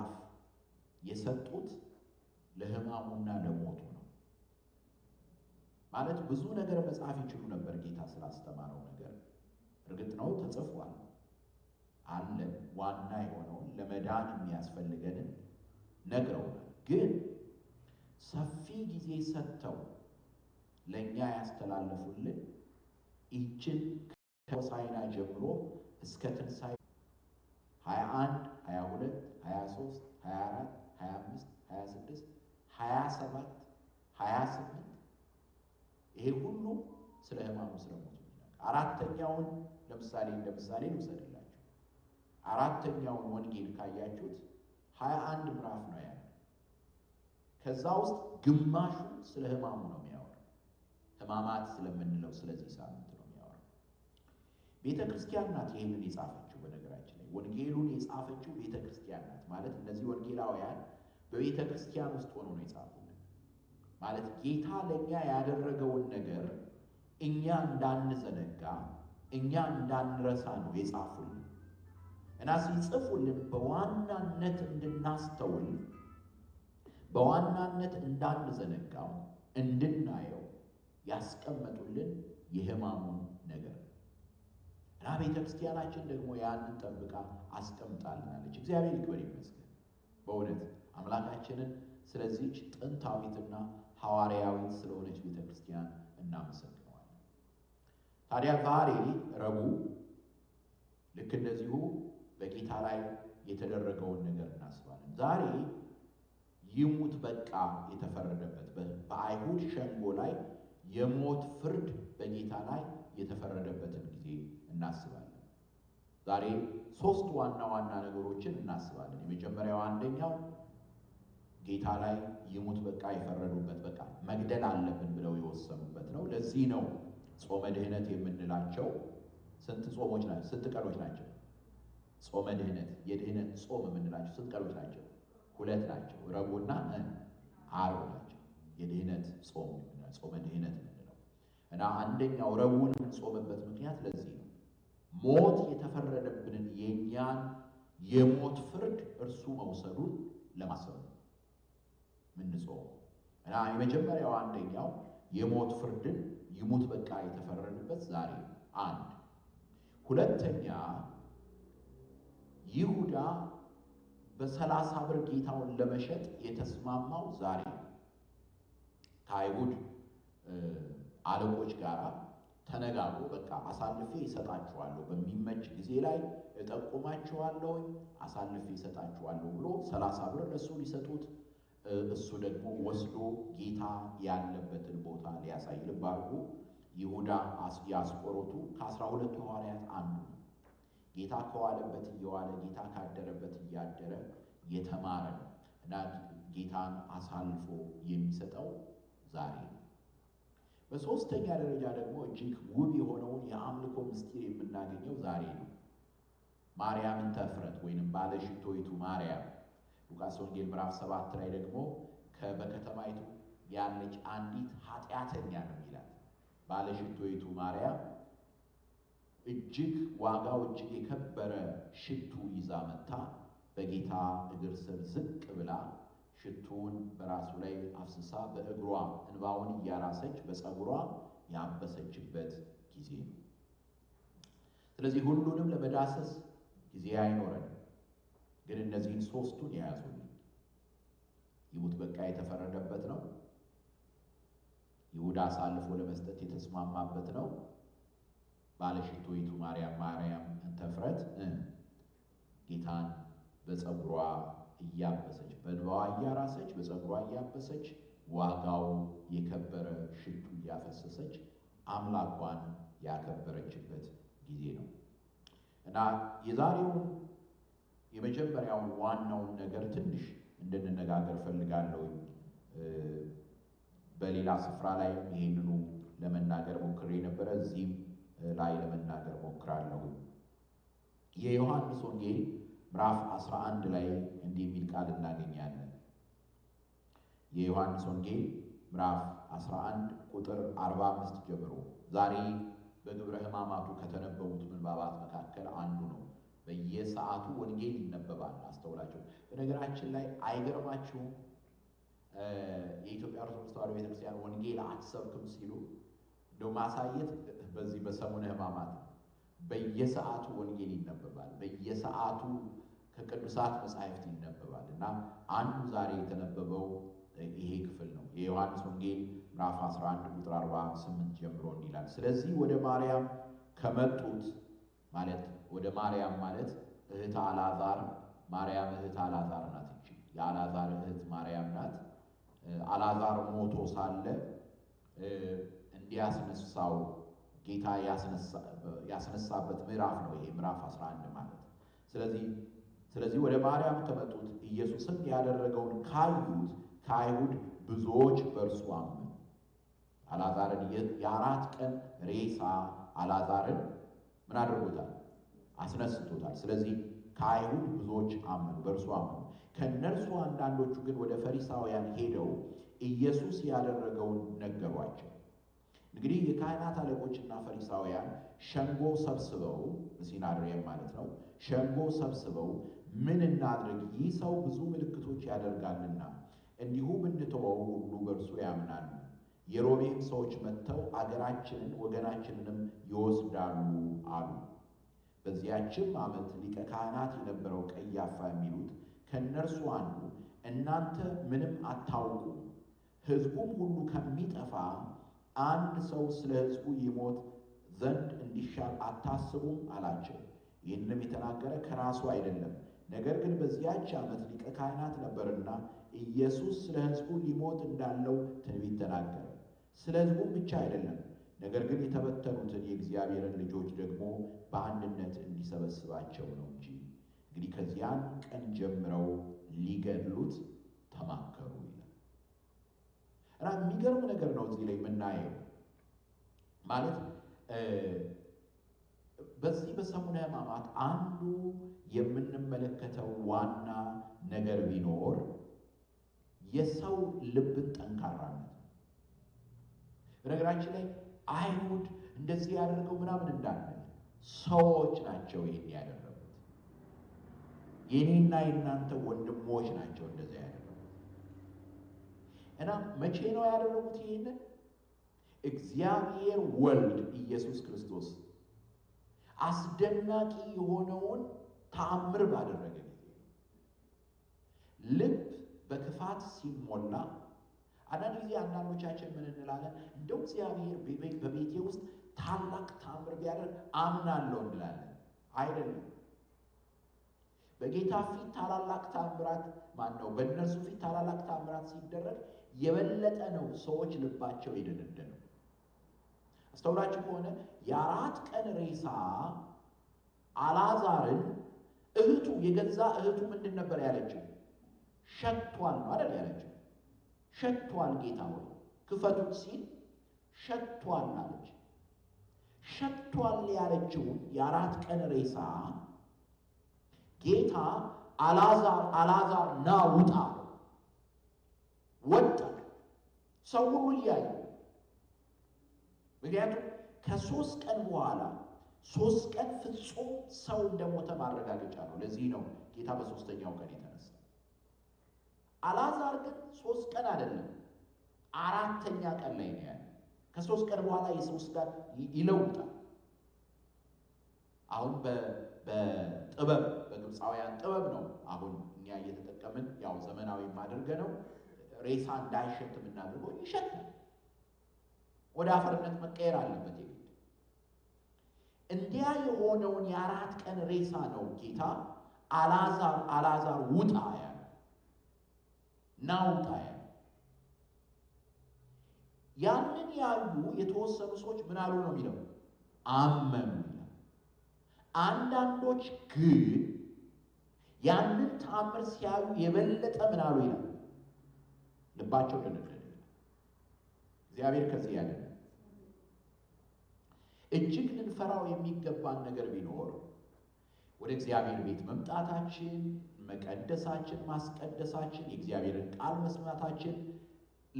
መጽሐፍ የሰጡት ለሕማሙና ለሞቱ ነው። ማለት ብዙ ነገር መጽሐፍ ይችሉ ነበር ጌታ ስላስተማረው ነገር። እርግጥ ነው ተጽፏል አለ። ዋና የሆነውን ለመዳን የሚያስፈልገንን ነግረውናል። ግን ሰፊ ጊዜ ሰጥተው ለእኛ ያስተላለፉልን ይችን ከሆሳዕና ጀምሮ እስከ ትንሣኤ 21 22 23 24 25 26 27 28 ይሄ ሁሉ ስለ ህማሙ ስለ ሞቱ አራተኛውን ለምሳሌ እንደ ምሳሌ ልውሰድላችሁ። አራተኛውን ወንጌል ካያችሁት ሀያ አንድ ምዕራፍ ነው ያለ። ከዛ ውስጥ ግማሹ ስለ ሕማሙ ነው የሚያወራው። ህማማት ስለምንለው ስለዚህ ሳምንት ነው የሚያወራው። ቤተ ክርስቲያን ናት ይህንን የጻፈችው በነገራችን ወንጌሉን የጻፈችው ቤተ ክርስቲያን ናት። ማለት እነዚህ ወንጌላውያን በቤተ ክርስቲያን ውስጥ ሆኖ ነው የጻፉልን። ማለት ጌታ ለእኛ ያደረገውን ነገር እኛ እንዳንዘነጋ፣ እኛ እንዳንረሳ ነው የጻፉልን እና ሲጽፉልን በዋናነት እንድናስተውል፣ በዋናነት እንዳንዘነጋው፣ እንድናየው ያስቀመጡልን የሕማሙን ነገር እና ቤተ ክርስቲያናችን ደግሞ ያንን ጠብቃ አስቀምጣልናለች። እግዚአብሔር ይክበር ይመስገን በእውነት አምላካችንን ስለዚች ጥንታዊትና ሐዋርያዊት ስለሆነች ቤተ ክርስቲያን እናመሰግነዋለን። ታዲያ ዛሬ ረቡዕ ልክ እንደዚሁ በጌታ ላይ የተደረገውን ነገር እናስባለን። ዛሬ ይሙት በቃ የተፈረደበት በአይሁድ ሸንጎ ላይ የሞት ፍርድ በጌታ ላይ የተፈረደበትን ጊዜ እናስባለን። ዛሬ ሶስት ዋና ዋና ነገሮችን እናስባለን። የመጀመሪያው አንደኛው ጌታ ላይ ይሙት በቃ የፈረዱበት በቃ መግደል አለብን ብለው የወሰኑበት ነው። ለዚህ ነው ጾመ ድህነት የምንላቸው ስንት ጾሞች ናቸው? ስንት ቀኖች ናቸው? ጾመ ድህነት የድህነት ጾም የምንላቸው ስንት ቀኖች ናቸው? ሁለት ናቸው። ረቡዕና ዓርብ ናቸው። የድህነት ጾም ጾመ ድህነት የምንለው እና አንደኛው ረቡዕን የምንጾምበት ምክንያት ለዚህ ሞት የተፈረደብንን የእኛን የሞት ፍርድ እርሱ መውሰዱን ለማሰብ ምንጾም እና የመጀመሪያው አንደኛው የሞት ፍርድን ይሙት በቃ የተፈረደበት ዛሬ አንድ ሁለተኛ ይሁዳ በሰላሳ ብር ጌታውን ለመሸጥ የተስማማው ዛሬ ከአይሁድ አለቆች ጋር ተነጋግሮ በቃ አሳልፌ ይሰጣችኋለሁ፣ በሚመች ጊዜ ላይ እጠቁማቸዋለሁ አሳልፌ ይሰጣችኋለሁ ብሎ ሰላሳ ብር ለእሱ ሊሰጡት እሱ ደግሞ ወስዶ ጌታ ያለበትን ቦታ ሊያሳይ ልብ አድርጉ። ይሁዳ የአስቆሮቱ ከአስራ ሁለቱ ሐዋርያት አንዱ ነው። ጌታ ከዋለበት እየዋለ ጌታ ካደረበት እያደረ የተማረ ነው እና ጌታን አሳልፎ የሚሰጠው ዛሬ ነው። በሶስተኛ ደረጃ ደግሞ እጅግ ውብ የሆነውን የአምልኮ ምስጢር የምናገኘው ዛሬ ነው። ማርያምን ተፍረት ወይንም ባለሽቶይቱ ማርያም ሉቃስ ወንጌል ምዕራፍ ሰባት ላይ ደግሞ በከተማይቱ ያለች አንዲት ኃጢአተኛ ነው ይላል። ባለሽቶይቱ ማርያም እጅግ ዋጋው እጅግ የከበረ ሽቱ ይዛ መታ በጌታ እግር ስር ዝቅ ብላ ሽቱውን በራሱ ላይ አፍስሳ በእግሯ እንባውን እያራሰች በፀጉሯ ያበሰችበት ጊዜ ነው። ስለዚህ ሁሉንም ለመዳሰስ ጊዜ አይኖረንም፣ ግን እነዚህን ሶስቱን የያዙልኝ ይሙት በቃ የተፈረደበት ነው። ይሁዳ አሳልፎ ለመስጠት የተስማማበት ነው። ባለሽቶይቱ ማርያም ማርያም እንተፍረት ጌታን በፀጉሯ እያበሰች በእንባዋ እያራሰች በጸጉሯ እያበሰች ዋጋው የከበረ ሽቱ እያፈሰሰች አምላኳን ያከበረችበት ጊዜ ነው እና የዛሬውን የመጀመሪያው ዋናውን ነገር ትንሽ እንድንነጋገር ፈልጋለሁ። በሌላ ስፍራ ላይ ይህንኑ ለመናገር ሞክሬ ነበረ። እዚህም ላይ ለመናገር ሞክራለሁ። የዮሐንስ ወንጌል ምዕራፍ 11 ላይ እንዲህ የሚል ቃል እናገኛለን። የዮሐንስ ወንጌል ምዕራፍ 11 ቁጥር 45 ጀምሮ ዛሬ በግብረ ሕማማቱ ከተነበቡት ምንባባት መካከል አንዱ ነው። በየሰዓቱ ወንጌል ይነበባል። አስተውላቸው። በነገራችን ላይ አይገርማችሁም? የኢትዮጵያ ኦርቶዶክስ ተዋሕዶ ቤተክርስቲያን ወንጌል አትሰብክም ሲሉ እንደው ማሳየት በዚህ በሰሙነ ሕማማት በየሰዓቱ ወንጌል ይነበባል። በየሰዓቱ ከቅዱሳት መጻሕፍት ይነበባል እና አንዱ ዛሬ የተነበበው ይሄ ክፍል ነው። የዮሐንስ ወንጌል ምዕራፍ 11 ቁጥር 48 ጀምሮ እንዲላል ስለዚህ ወደ ማርያም ከመጡት ማለት ወደ ማርያም ማለት እህት አላዛር ማርያም እህት አላዛር ናት። እንጂ የአልዓዛር እህት ማርያም ናት። አላዛር ሞቶ ሳለ እንዲያስነሳው ጌታ ያስነሳበት ምዕራፍ ነው ይሄ ምዕራፍ 11 ማለት። ስለዚህ ስለዚህ ወደ ማርያም ከመጡት ኢየሱስም ያደረገውን ካዩት ከአይሁድ ብዙዎች በእርሱ አመኑ። አላዛርን የአራት ቀን ሬሳ አላዛርን ምን አድርጎታል? አስነስቶታል። ስለዚህ ከአይሁድ ብዙዎች አመኑ፣ በእርሱ አመኑ። ከእነርሱ አንዳንዶቹ ግን ወደ ፈሪሳውያን ሄደው ኢየሱስ ያደረገውን ነገሯቸው። እንግዲህ የካህናት አለቆችና ፈሪሳውያን ሸንጎ ሰብስበው ሲናድሬም ማለት ነው ሸንጎ ሰብስበው ምን እናድርግ? ይህ ሰው ብዙ ምልክቶች ያደርጋልና እንዲሁ ብንተወው ሁሉ በእርሱ ያምናሉ። የሮሜም ሰዎች መጥተው አገራችንን ወገናችንንም ይወስዳሉ አሉ። በዚያችም ዓመት ሊቀ ካህናት የነበረው ቀያፋ የሚሉት ከእነርሱ አንዱ እናንተ ምንም አታውቁም፣ ሕዝቡም ሁሉ ከሚጠፋ አንድ ሰው ስለ ሕዝቡ ይሞት ዘንድ እንዲሻል አታስቡም አላቸው። ይህንም የተናገረ ከራሱ አይደለም ነገር ግን በዚያች ዓመት ሊቀ ካህናት ነበርና ኢየሱስ ስለ ሕዝቡ ሊሞት እንዳለው ትንቢት ተናገረ። ስለ ሕዝቡም ብቻ አይደለም፣ ነገር ግን የተበተኑትን የእግዚአብሔርን ልጆች ደግሞ በአንድነት እንዲሰበስባቸው ነው እንጂ። እንግዲህ ከዚያን ቀን ጀምረው ሊገድሉት ተማከሩ ይላል እና የሚገርም ነገር ነው እዚህ ላይ የምናየው ማለት በዚህ በሰሙነ ሕማማት አንዱ የምንመለከተው ዋና ነገር ቢኖር የሰው ልብን ጠንካራነት ነው። በነገራችን ላይ አይሁድ እንደዚህ ያደርገው ምናምን እንዳለ ሰዎች ናቸው ይህን ያደረጉት። የኔና የእናንተ ወንድሞች ናቸው እንደዚ ያደረጉት እና መቼ ነው ያደረጉት ይህንን? እግዚአብሔር ወልድ ኢየሱስ ክርስቶስ አስደናቂ የሆነውን ተአምር ባደረገ ጊዜ ነው። ልብ በክፋት ሲሞላ አንዳንድ ጊዜ አንዳንዶቻችን ምን እንላለን? እንደው እግዚአብሔር በቤቴ ውስጥ ታላቅ ተአምር ቢያደርግ አምናለሁ እንላለን። አይደለም። በጌታ ፊት ታላላቅ ታምራት ማን ነው? በእነርሱ ፊት ታላላቅ ታምራት ሲደረግ የበለጠ ነው ሰዎች ልባቸው የደነደነው። አስተውላችሁ ከሆነ የአራት ቀን ሬሳ አላዛርን? እህቱ የገዛ እህቱ ምንድን ነበር ያለችው? ሸቷል ነው አይደል ያለችው። ሸቷል ጌታ ሆይ ክፈቱት ሲል ሸቷል አለች። ሸቷል ያለችው የአራት ቀን ሬሳ ጌታ አላዛ አልዓዛር ና ውጣ፣ ወጣ። ሰው ሁሉ እያየ ምክንያቱም ከሶስት ቀን በኋላ ሶስት ቀን ፍጹም ሰው እንደሞተ ማረጋገጫ ነው። ለዚህ ነው ጌታ በሶስተኛው ቀን የተነሳ። አልዓዛር ግን ሶስት ቀን አይደለም አራተኛ ቀን ላይ ነው ያለ። ከሶስት ቀን በኋላ የሰው ስጋ ይለውጣል። አሁን በጥበብ በግብፃውያን ጥበብ ነው አሁን እኛ እየተጠቀምን ያው ዘመናዊ ማድርገ ነው ሬሳ እንዳይሸት የምናደርገው ይሸታል። ወደ አፈርነት መቀየር አለበት። እንዲያ የሆነውን የአራት ቀን ሬሳ ነው ጌታ አላዛር አላዛር ውጣ ያለ ናውጣ ያለ። ያንን ያሉ የተወሰኑ ሰዎች ምን አሉ ነው የሚለው አመኑ ይላል። አንዳንዶች ግን ያንን ታምር ሲያዩ የበለጠ ምን አሉ ይላል ልባቸው ደነደነ። እግዚአብሔር ከዚህ ያለ እጅግ ልንፈራው የሚገባን ነገር ቢኖር ወደ እግዚአብሔር ቤት መምጣታችን፣ መቀደሳችን፣ ማስቀደሳችን፣ የእግዚአብሔርን ቃል መስማታችን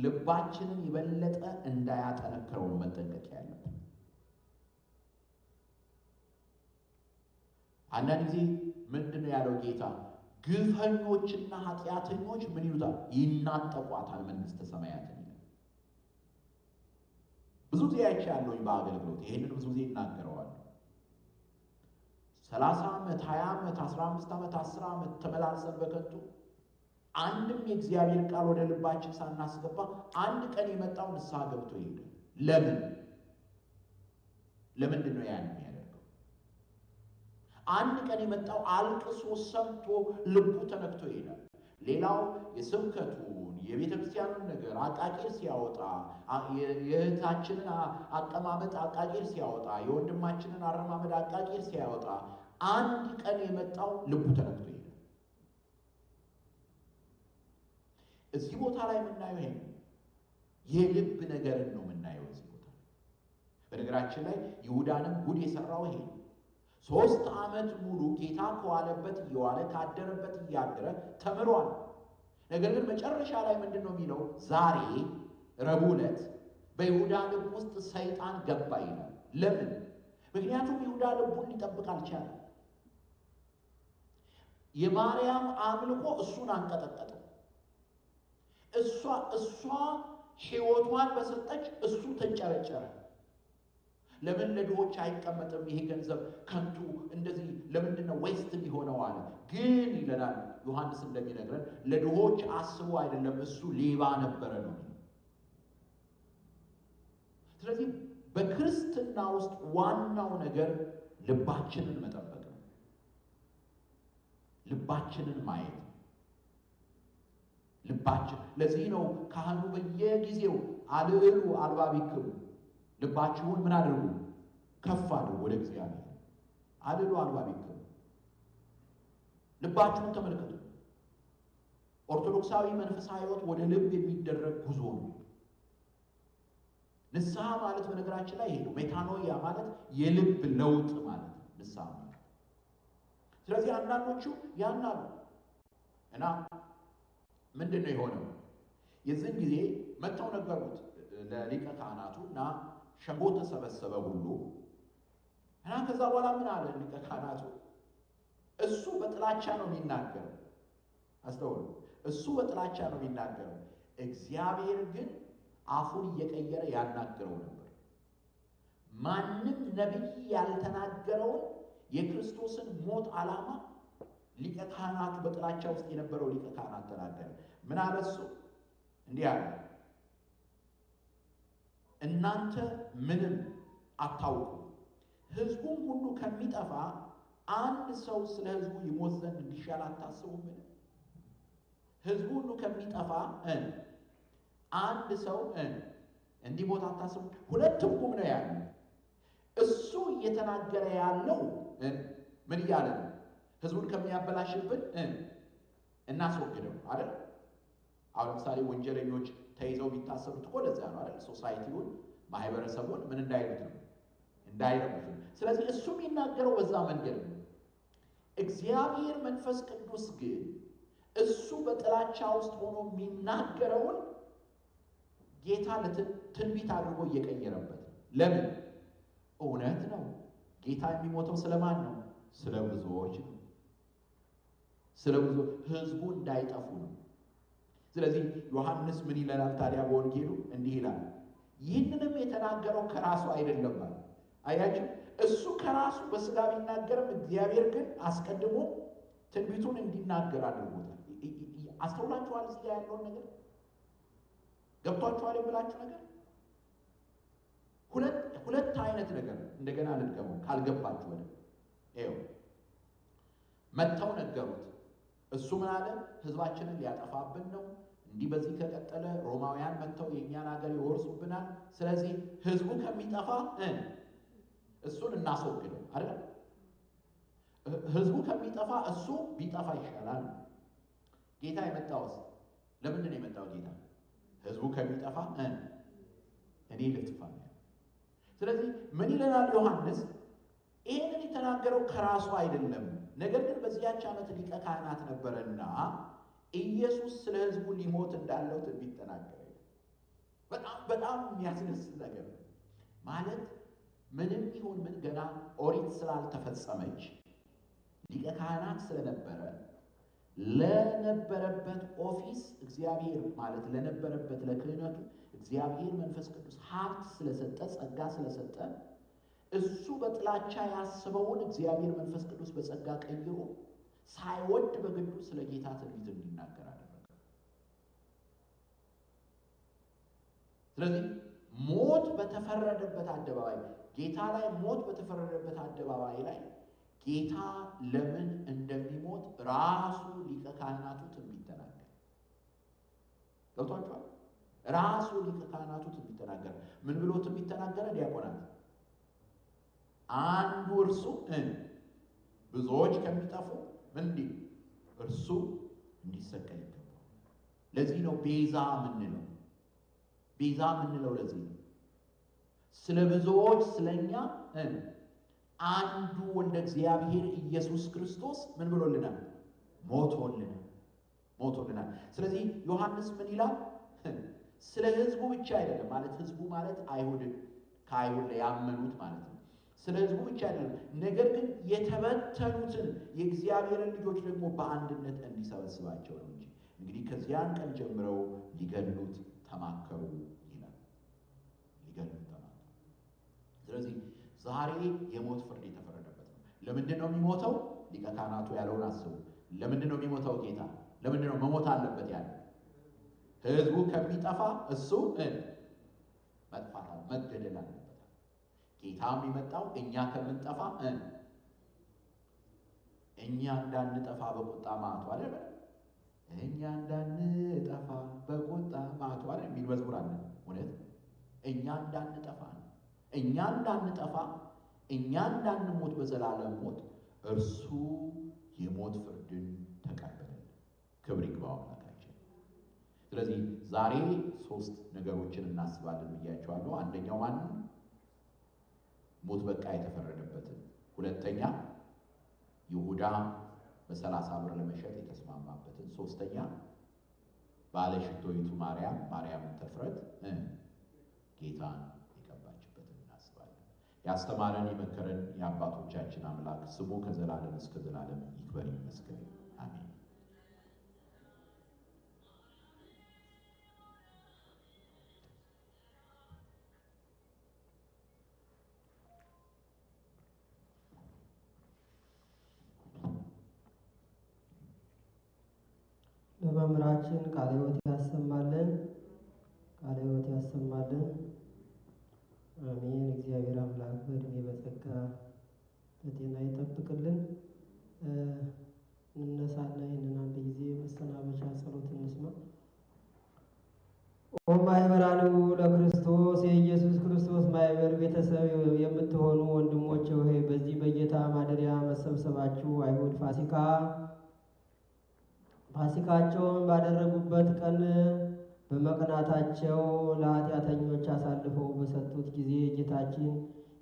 ልባችንን የበለጠ እንዳያጠነክረውን መጠንቀቅ ያለብን። አንዳንድ ጊዜ ምንድን ነው ያለው ጌታ? ግፈኞችና ኃጢአተኞች ምን ይሉታል? ይናጠቋታል መንግስተ ሰማያት ብዙ ጊዜ አይቻለሁኝ በአገልግሎት ይህንን ብዙ ጊዜ እናገረዋል። ሰላሳ ዓመት ሀያ ዓመት አስራ አምስት ዓመት አስር ዓመት ተመላልሰን በከንቱ አንድም የእግዚአብሔር ቃል ወደ ልባችን ሳናስገባ አንድ ቀን የመጣው ንስሐ ገብቶ ይሄዳል። ለምን ለምንድን ነው ያን የሚያደርገው? አንድ ቀን የመጣው አልቅሶ ሰምቶ ልቡ ተነክቶ ይሄዳል። ሌላው የስብከቱ የቤተ ክርስቲያኑን ነገር አቃቂር ሲያወጣ፣ የእህታችንን አቀማመጥ አቃቂር ሲያወጣ፣ የወንድማችንን አረማመድ አቃቂር ሲያወጣ፣ አንድ ቀን የመጣው ልቡ ተነክቶ ይሄዳል። እዚህ ቦታ ላይ የምናየው ይሄ የልብ ነገርን ነው የምናየው እዚህ ቦታ ላይ። በነገራችን ላይ ይሁዳንም ጉድ የሰራው ይሄ ሶስት ዓመት ሙሉ ጌታ ከዋለበት እየዋለ ካደረበት እያደረ ተምሯል። ነገር ግን መጨረሻ ላይ ምንድን ነው የሚለው? ዛሬ ረቡዕ ዕለት በይሁዳ ልብ ውስጥ ሰይጣን ገባ ይላል። ለምን? ምክንያቱም ይሁዳ ልቡን ሊጠብቅ አልቻለም። የማርያም አምልኮ እሱን አንቀጠቀጠው። እሷ እሷ ህይወቷን በሰጠች እሱ ተንጨረጨረ። ለምን ለድሆች አይቀመጥም ይሄ ገንዘብ ከንቱ እንደዚህ ለምንድነው ነው ዌስት የሚሆነው አለ። ግን ይለናል ዮሐንስ እንደሚነግረን ለድሆች አስቦ አይደለም እሱ ሌባ ነበረ ነው። ስለዚህ በክርስትና ውስጥ ዋናው ነገር ልባችንን መጠበቅ ነው። ልባችንን ማየት ልባችን ለዚህ ነው ካህኑ በየጊዜው አልዕሉ አልባቢክሙ ልባችሁን ምን አድርጉ? ከፍ አድርጉ ወደ እግዚአብሔር። አልሉ አልባ ቢክሙ ልባችሁን ተመልከቱ። ኦርቶዶክሳዊ መንፈሳዊ ህይወት ወደ ልብ የሚደረግ ጉዞ ነው። ንስሐ ማለት በነገራችን ላይ ይሄ ነው። ሜታኖያ ማለት የልብ ለውጥ ማለት ነው ንስሐ ማለት። ስለዚህ አንዳንዶቹ ያናሉ እና ምንድን ነው የሆነው? የዚህን ጊዜ መጥተው ነገሩት ለሊቀ ካህናቱ እና ሸንጎ ተሰበሰበ ሁሉ እና ከዛ በኋላ ምን አለ ሊቀ ካህናቱ? እሱ በጥላቻ ነው የሚናገረው። አስተውሉ። እሱ በጥላቻ ነው የሚናገረው፣ እግዚአብሔር ግን አፉን እየቀየረ ያናግረው ነበር። ማንም ነቢይ ያልተናገረውን የክርስቶስን ሞት ዓላማ ሊቀ ካህናቱ በጥላቻ ውስጥ የነበረው ሊቀ ካህናት ተናገረ። ምን አለ? እሱ እንዲህ አለ እናንተ ምንም አታውቁ። ሕዝቡም ሁሉ ከሚጠፋ አንድ ሰው ስለ ሕዝቡ ይሞት ዘንድ እንዲሻል አታስቡምን? ሕዝቡ ሁሉ ከሚጠፋ አንድ ሰው እንዲሞት አታስቡ። ሁለት ቁም ነው ያለ። እሱ እየተናገረ ያለው ምን እያለ ነው? ህዝቡን ከሚያበላሽብን እናስወግደው አይደል? አሁን ለምሳሌ ወንጀለኞች ተይዘው ቢታሰሩት እኮ ለዚያ ነው አይደል? ሶሳይቲውን ማህበረሰቡን ምን እንዳይሉት ነው እንዳይረብቱ። ስለዚህ እሱም የሚናገረው በዛ መንገድ ነው። እግዚአብሔር መንፈስ ቅዱስ ግን እሱ በጥላቻ ውስጥ ሆኖ የሚናገረውን ጌታ ትንቢት አድርጎ እየቀየረበት ነው። ለምን? እውነት ነው። ጌታ የሚሞተው ስለማን ነው? ስለ ብዙዎች ነው። ስለ ብዙ ህዝቡ እንዳይጠፉ ነው። ስለዚህ ዮሐንስ ምን ይለናል ታዲያ በወንጌሉ እንዲህ ይላል፣ ይህንንም የተናገረው ከራሱ አይደለም። አያችሁ እሱ ከራሱ በስጋ ቢናገርም እግዚአብሔር ግን አስቀድሞ ትንቢቱን እንዲናገር አድርጎታል። አስተውላችኋል? እዚህ ያለውን ነገር ገብቷችኋል? የምላችሁ ነገር ሁለት አይነት ነገር እንደገና ልድገመው ካልገባችሁ ወደ መጥተው ነገሩት። እሱ ምን አለ? ህዝባችንን ሊያጠፋብን ነው እንዲህ በዚህ ከቀጠለ ሮማውያን መጥተው የእኛን ሀገር ይወርሱብናል። ስለዚህ ህዝቡ ከሚጠፋ እሱን እናስወግደው አይደል? ህዝቡ ከሚጠፋ እሱ ቢጠፋ ይሻላል። ጌታ የመጣውስ ለምንድን የመጣው? ጌታ ህዝቡ ከሚጠፋ እኔ ልጥፋ። ስለዚህ ምን ይለናል ዮሐንስ? ይህንን የተናገረው ከራሱ አይደለም። ነገር ግን በዚያች ዓመት ሊቀ ካህናት ነበረና ኢየሱስ ስለ ህዝቡ ሊሞት እንዳለው ትንቢት ተናገረ። በጣም በጣም የሚያስደስት ነገር ነው። ማለት ምንም ይሁን ምን ገና ኦሪት ስላልተፈጸመች ሊቀ ካህናት ስለነበረ ለነበረበት ኦፊስ እግዚአብሔር ማለት ለነበረበት ለክህነቱ እግዚአብሔር መንፈስ ቅዱስ ሀብት ስለሰጠ ጸጋ ስለሰጠ እሱ በጥላቻ ያስበውን እግዚአብሔር መንፈስ ቅዱስ በጸጋ ቀይሮ ሳይወድ በግዱ ስለ ጌታ ትንቢት እንዲናገር አደረገ። ስለዚህ ሞት በተፈረደበት አደባባይ ጌታ ላይ ሞት በተፈረደበት አደባባይ ላይ ጌታ ለምን እንደሚሞት ራሱ ሊቀ ካህናቱ ትንቢት ተናገረ። ገብቷችኋል? ራሱ ሊቀ ካህናቱ ትንቢት ተናገረ። ምን ብሎ ትንቢት ተናገረ? ዲያቆናት አንዱ እርሱ ብዙዎች ከሚጠፉ እንዲህ እርሱ እንዲሰቀል ይገባል። ለዚህ ነው ቤዛ ምንለው። ቤዛ ምንለው ለዚህ ነው። ስለ ብዙዎች ስለኛ አንዱ እንደ እግዚአብሔር ኢየሱስ ክርስቶስ ምን ብሎልናል? ሞቶልናል፣ ሞቶልናል። ስለዚህ ዮሐንስ ምን ይላል? ስለ ህዝቡ ብቻ አይደለም ማለት ህዝቡ ማለት አይሁድ ከአይሁድ ላይ ያመኑት ማለት ነው ስለ ህዝቡ ብቻ አይደለም፣ ነገር ግን የተበተኑትን የእግዚአብሔርን ልጆች ደግሞ በአንድነት እንዲሰበስባቸው ነው እንጂ። እንግዲህ ከዚያን ቀን ጀምረው ሊገድሉት ተማከሩ ይላል። ሊገድሉት ተማከሩ። ስለዚህ ዛሬ የሞት ፍርድ የተፈረደበት ነው። ለምንድን ነው የሚሞተው? ሊቀ ካህናቱ ያለውን አስቡ። ለምንድን ነው የሚሞተው ጌታ? ለምንድን ነው መሞት አለበት ያለ? ህዝቡ ከሚጠፋ እሱ መጥፋት መገደል አለ ጌታም የመጣው እኛ ከምንጠፋ እኛ እንዳንጠፋ በቁጣ ማቱ አለ እኛ እንዳንጠፋ በቁጣ ማቱ አለ የሚል መዝሙር አለ። እውነት እኛ እንዳንጠፋ እኛ እንዳንጠፋ እኛ እንዳንሞት በዘላለም ሞት እርሱ የሞት ፍርድን ተቀበለን። ክብር ይግባው አምላካችን። ስለዚህ ዛሬ ሶስት ነገሮችን እናስባለን ብያቸዋለሁ። አንደኛው ማንን ሞት በቃ የተፈረደበትን። ሁለተኛ ይሁዳ በሰላሳ ብር ለመሸጥ የተስማማበትን። ሶስተኛ ባለሽቶይቱ ማርያም ማርያምን ተፍረት ጌታን የቀባችበትን እናስባለን። ያስተማረን የመከረን የአባቶቻችን አምላክ ስሙ ከዘላለም እስከ ዘላለም ይክበር ይመስገን። አሜን። አምላካችን ቃለ ሕይወት ያሰማልን፣ ቃለ ሕይወት ያሰማልን። አሜን። እግዚአብሔር አምላክ በእድሜ በጸጋ በጤና ይጠብቅልን። እንነሳና ይህንን አንድ ጊዜ መሰናበቻ ጸሎት እንስማ። ኦ ማህበራኑ ለክርስቶስ የኢየሱስ ክርስቶስ ማህበር ቤተሰብ የምትሆኑ ወንድሞች ሆይ በዚህ በጌታ ማደሪያ መሰብሰባችሁ አይሁድ ፋሲካ ፋሲካቸውን ባደረጉበት ቀን በመቅናታቸው ለኃጢአተኞች አሳልፈው በሰጡት ጊዜ ጌታችን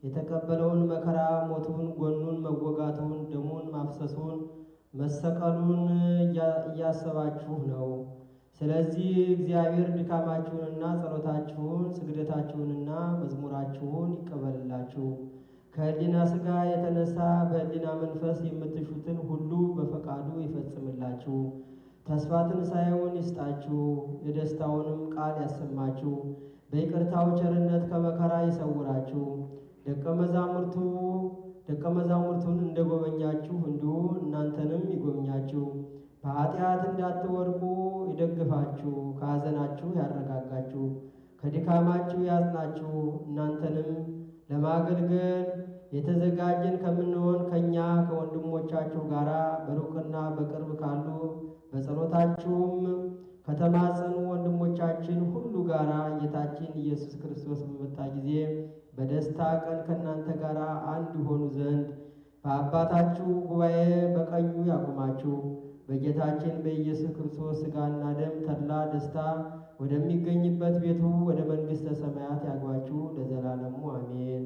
የተቀበለውን መከራ፣ ሞቱን፣ ጎኑን መወጋቱን፣ ደሙን ማፍሰሱን፣ መሰቀሉን እያሰባችሁ ነው። ስለዚህ እግዚአብሔር ድካማችሁንና ጸሎታችሁን፣ ስግደታችሁንና መዝሙራችሁን ይቀበልላችሁ። ከህሊና ስጋ የተነሳ በህሊና መንፈስ የምትሹትን ሁሉ በፈቃዱ ይፈጽምላችሁ። ተስፋ ትንሣኤውን ይስጣችሁ፣ የደስታውንም ቃል ያሰማችሁ፣ በይቅርታው ቸርነት ከመከራ ይሰውራችሁ። ደቀ መዛሙርቱ ደቀ መዛሙርቱን እንደጎበኛችሁ እንዲሁ እናንተንም ይጎብኛችሁ። በኃጢአት እንዳትወድቁ ይደግፋችሁ፣ ከሐዘናችሁ ያረጋጋችሁ፣ ከድካማችሁ ያጽናችሁ። እናንተንም ለማገልገል የተዘጋጀን ከምንሆን ከእኛ ከወንድሞቻችሁ ጋር በሩቅና በቅርብ ካሉ በጸሎታችሁም ከተማጸኑ ወንድሞቻችን ሁሉ ጋር ጌታችን ኢየሱስ ክርስቶስ በመጣ ጊዜ በደስታ ቀን ከእናንተ ጋር አንድ ሆኑ ዘንድ በአባታችሁ ጉባኤ በቀኙ ያቁማችሁ በጌታችን በኢየሱስ ክርስቶስ ሥጋና ደም ተድላ ደስታ ወደሚገኝበት ቤቱ ወደ መንግሥተ ሰማያት ያግባችሁ ለዘላለሙ አሜን።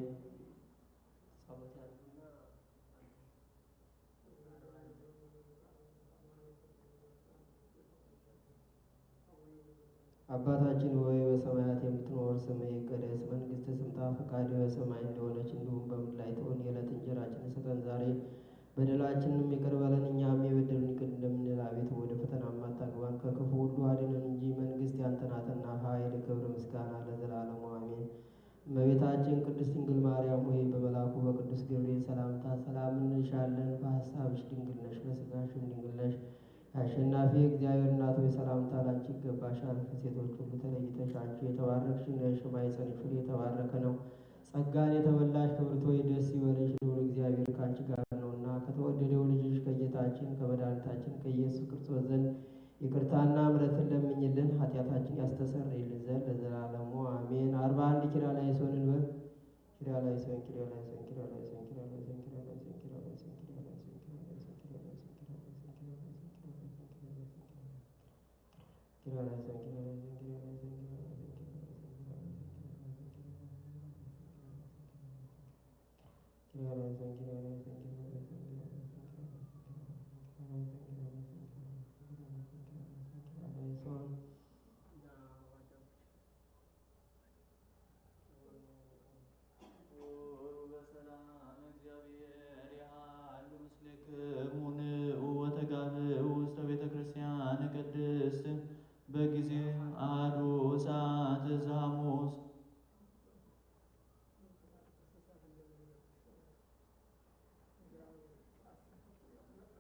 አባታችን ሆይ በሰማያት የምትኖር ስምህ ይቀደስ፣ መንግስት ትምጣ፣ ፈቃድ በሰማይ እንደሆነች እንዲሁም በምድር ላይ ትሁን። የዕለት እንጀራችንን ስጠን ዛሬ፣ በደላችንም ይቅር በለን እኛም የበደሉንን ይቅር እንደምንል፣ አቤቱ ወደ ፈተና አታግባን፣ ከክፉ ሁሉ አድነን እንጂ መንግስት ያንተ ናትና፣ ኃይል፣ ክብር፣ ምስጋና ለዘላለሙ አሜን። እመቤታችን ቅድስት ድንግል ማርያም ሆይ በመልአኩ በቅዱስ ገብርኤል ሰላምታ ሰላም እንልሻለን። በሀሳብሽ ድንግል ነሽ፣ በሥጋሽም ድንግል ነሽ አሸናፊ እግዚአብሔር እናቱ የሰላምታ ሰላምታ ላንቺ ይገባሻል። ከሴቶች ሁሉ ተለይተሽ አንቺ የተባረክሽ ነሽ፣ ማኅፀንሽ ፍሬ የተባረከ ነው። ጸጋን የተመላሽ ክብርት ሆይ ደስ ይበልሽ፣ ልዑል እግዚአብሔር ከአንቺ ጋር ነውና ከተወደደው ልጅሽ ከጌታችን ከመድኃኒታችን ከኢየሱስ ክርስቶስ ዘንድ ይቅርታና ምሕረትን ለምኝልን ኃጢአታችን ያስተሰርይልን ዘንድ ለዘላለሙ አሜን። አርባ አንድ ኪርያላይሶንን በል ኪርያላይሶን ኪርያላይሶን ኪርያላይሶን Give me a nice